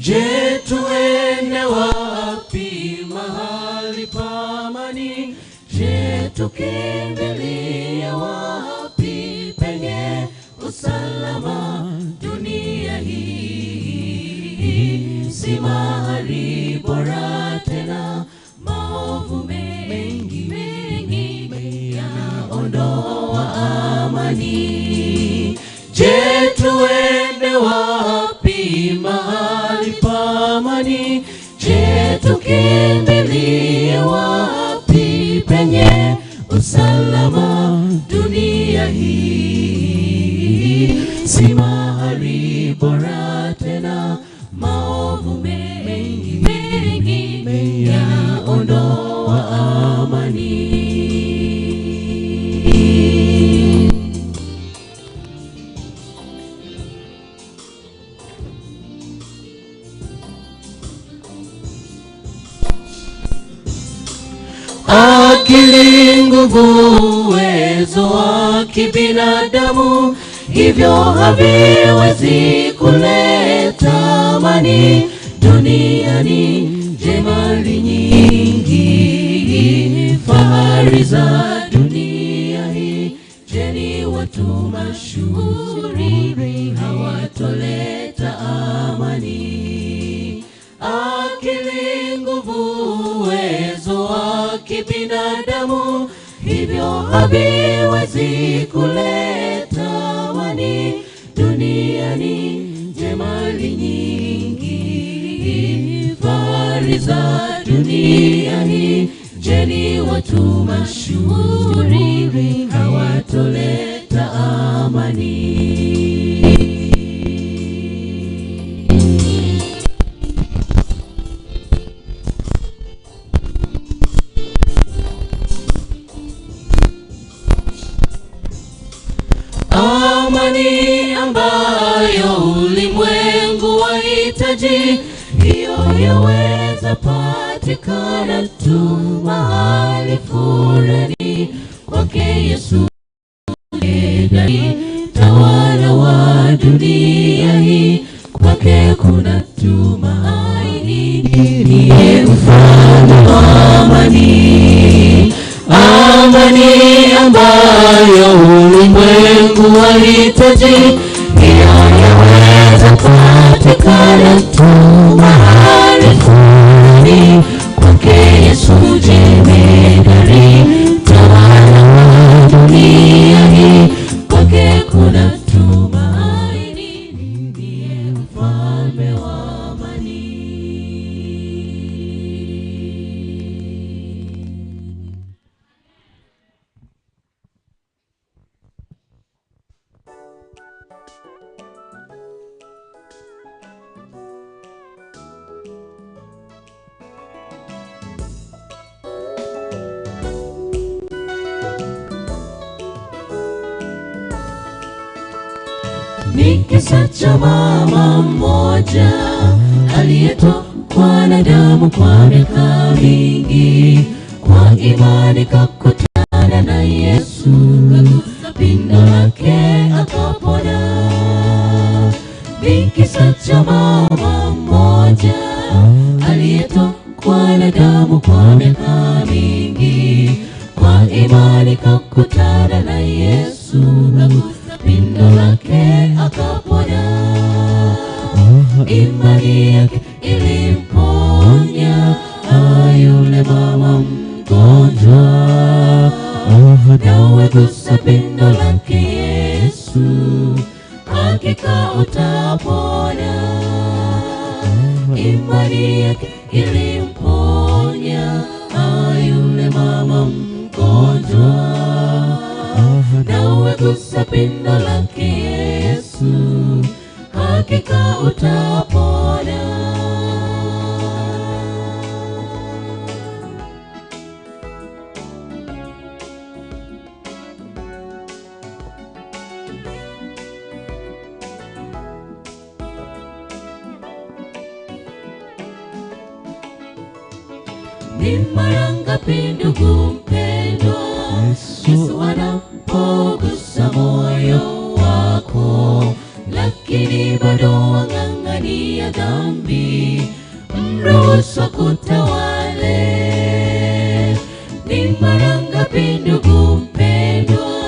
Je, tuende wapi mahali pa amani? Je, tukimbilie wapi? tú binadamu, hivyo haviwezi kuleta amani duniani. Je, mali nyingi, fahari za dunia hii, je, ni watu mashuhuri hawatoleta amani? Akili, nguvu, uwezo wa kibinadamu, hivyo haviwezi kuleta habari za dunia hii. Je, watu mashuhuri hawatoleta amani? imani ambayo ulimwengu wahitaji ni kisa cha mama mmoja aliyetokwa na damu kwa miaka mingi, kwa imani kakut imani yake ilimponya yule mama mgonjwa. Dawagusa pindo lake Yesu, hakika utapona. Imani yake ilimponya yule mama mgonjwa. Dawagusa pindo lake Yesu hakika utapona. Ni mara ngapi ndugu mpendwa, Yesu anampogusa moyo walivyotuang'ang'ania dhambi, mruhusu kutawale. Ni mara ngapi ndugu mpendwa,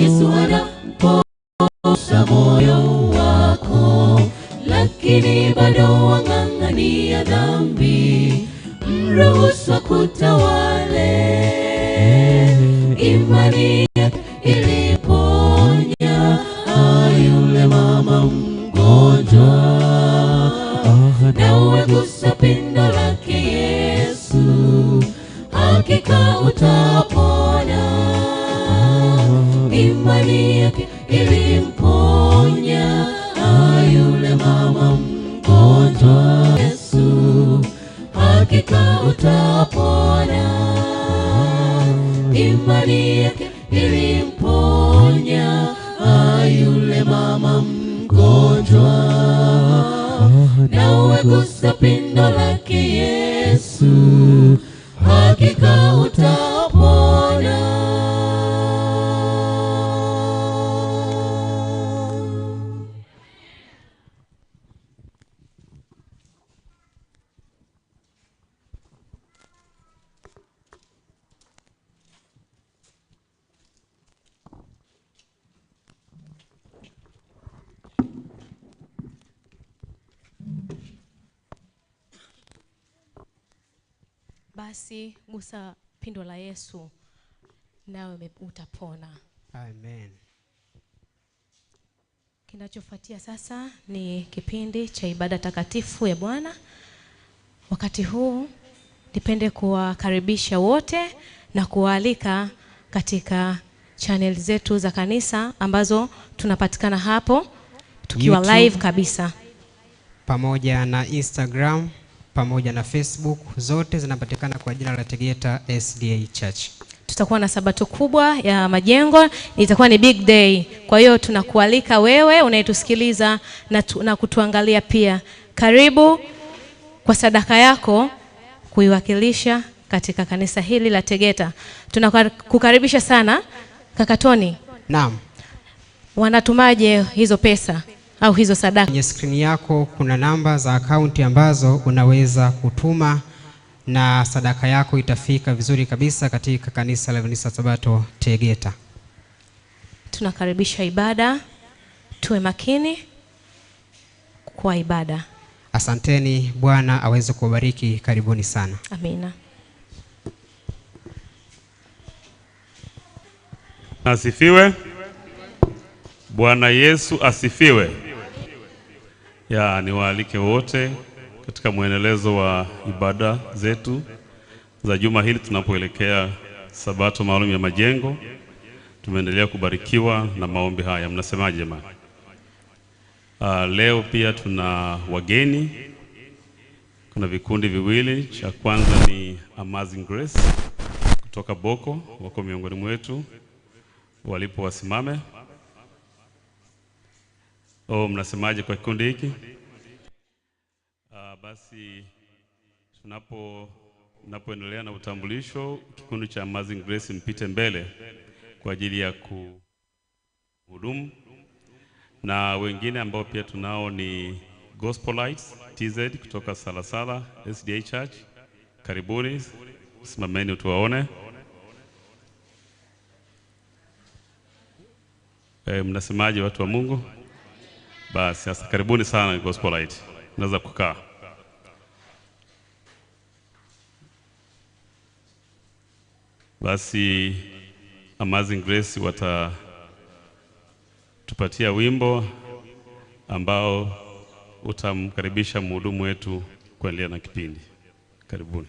Yesu anaposa moyo wako, lakini bado wang'ang'ania dhambi, mruhusu kutawale. Imani ili hakika uta basi gusa pindo la Yesu nawe utapona. Amen. Kinachofuatia sasa ni kipindi cha ibada takatifu ya Bwana. Wakati huu nipende kuwakaribisha wote na kuwaalika katika channel zetu za kanisa ambazo tunapatikana hapo tukiwa YouTube, live kabisa pamoja na Instagram pamoja na Facebook zote zinapatikana kwa jina la Tegeta SDA Church. Tutakuwa na sabato kubwa ya majengo, itakuwa ni big day. Kwa hiyo tunakualika wewe unayetusikiliza na, tu, na kutuangalia pia, karibu kwa sadaka yako kuiwakilisha katika kanisa hili la Tegeta. Tunakukaribisha sana. Kaka Toni, naam, wanatumaje hizo pesa? au hizo sadaka. Kwenye skrini yako kuna namba za akaunti ambazo unaweza kutuma na sadaka yako itafika vizuri kabisa katika kanisa la Adventista Sabato Tegeta. Tunakaribisha ibada, tuwe makini kwa ibada. Asanteni, Bwana aweze kubariki Karibuni sana. Amina. Asifiwe Bwana Yesu asifiwe ya niwaalike wote katika mwendelezo wa ibada zetu za juma hili tunapoelekea sabato maalum ya majengo. Tumeendelea kubarikiwa na maombi haya, mnasemaje jamani? Uh, leo pia tuna wageni, kuna vikundi viwili. Cha kwanza ni Amazing Grace kutoka Boko, wako miongoni mwetu, walipo wasimame. Oh, mnasemaje kwa kikundi hiki? Uh, basi tunapo tunapoendelea na utambulisho, kikundi cha Amazing Grace mpite mbele kwa ajili ya kuhudumu, na wengine ambao pia tunao ni Lights TZ kutoka Salasala SDA Church. Karibuni, simameni tuwaone. E, mnasemaje watu wa Mungu? Basi sasa karibuni sana Light. naweza kukaa. Basi Amazing Grace watatupatia wimbo ambao utamkaribisha mhudumu wetu kuendelea na kipindi. Karibuni.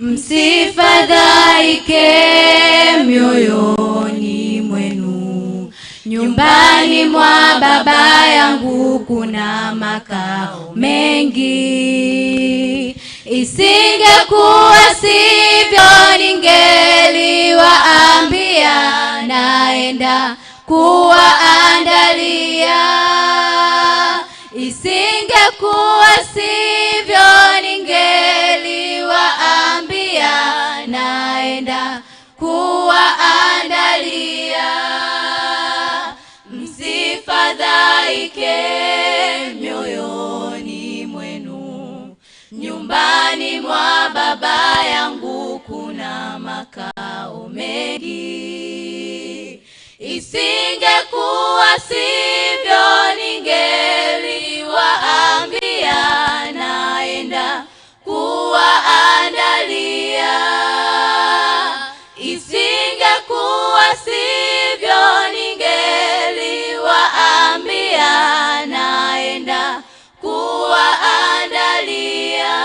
Msifadhaike mioyoni mwenu, nyumbani mwa Baba yangu kuna makao mengi. Isingekuwa sivyo, ningeliwaambia naenda kuwaandalia. Isingekuwa sivyo ike mioyoni mwenu, nyumbani mwa Baba yangu kuna makao mengi. Isingekuwa sivyo, ningeliwaambia naenda kuwaandalia kuwa sivyo ningeliwaambia naenda kuwaandalia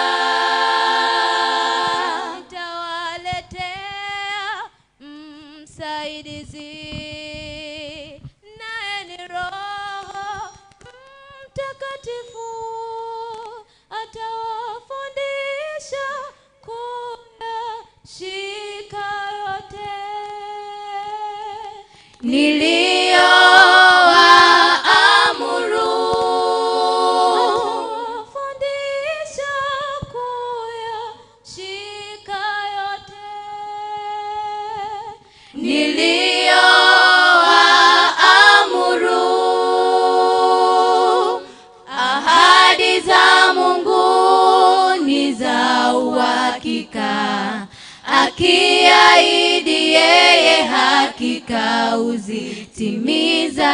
你哩？uzitimiza.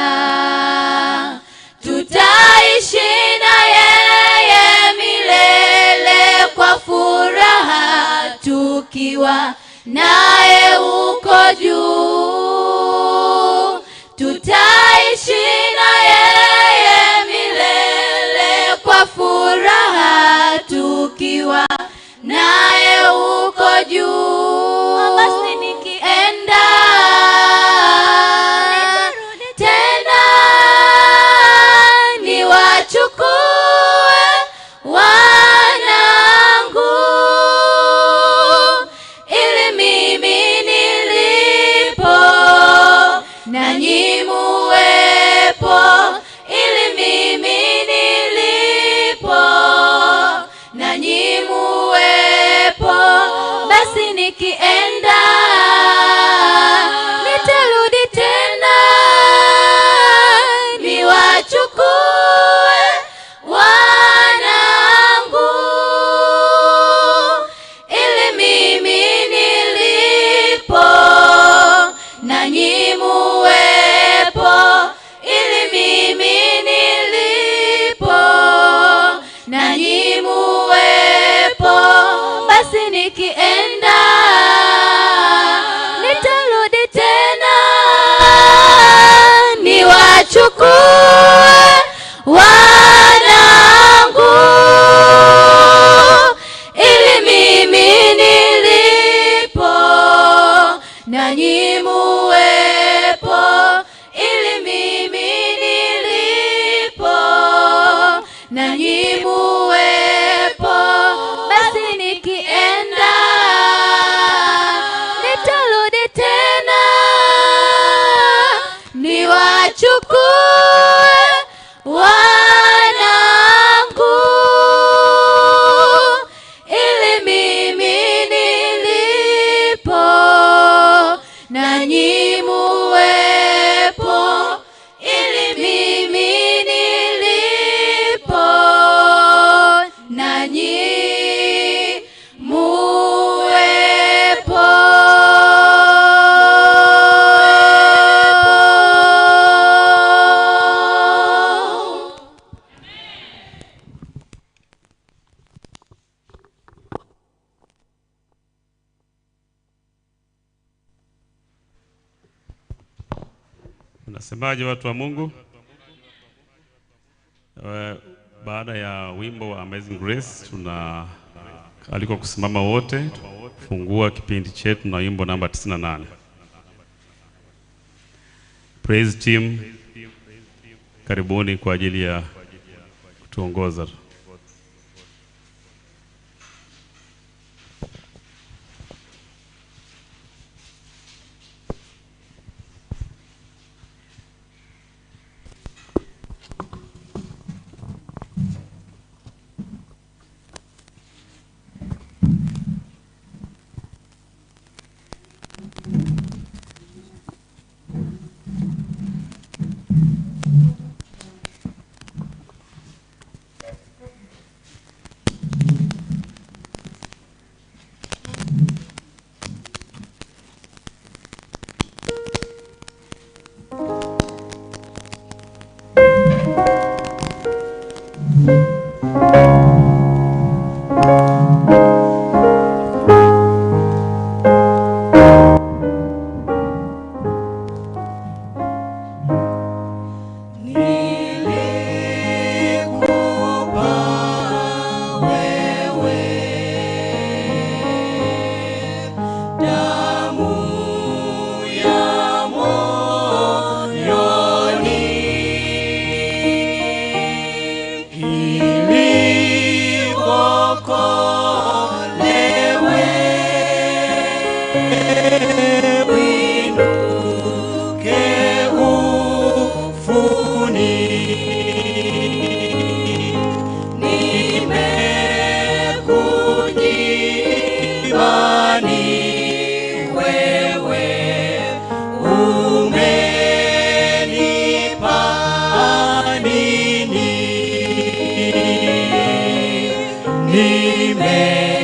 Tutaishi na yeye milele kwa furaha, tukiwa naye uko juu. Tutaishi na yeye milele kwa furaha, tukiwa naye uko juu. make it end. Unasemaje watu wa Mungu? Uh, baada ya wimbo wa Amazing Grace tuna aliko kusimama wote fungua kipindi chetu na wimbo namba 98. Praise team, karibuni kwa ajili ya kutuongoza. Thank you. He made.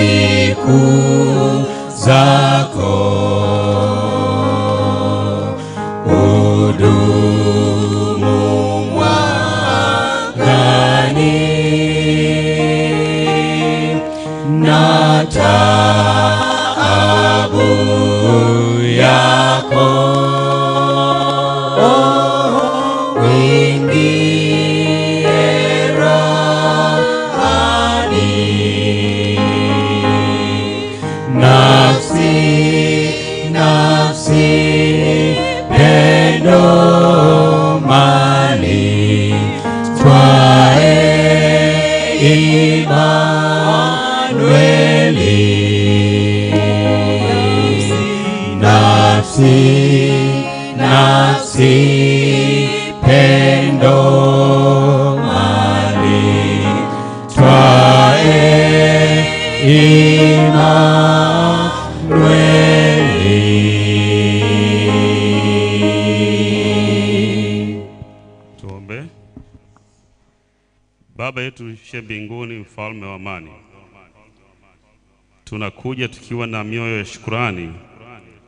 siku za nafsi nafsi pendo mali twae Imanueli. Tuombe. Baba yetu she mbinguni, mfalme wa amani, tunakuja tukiwa na mioyo ya shukurani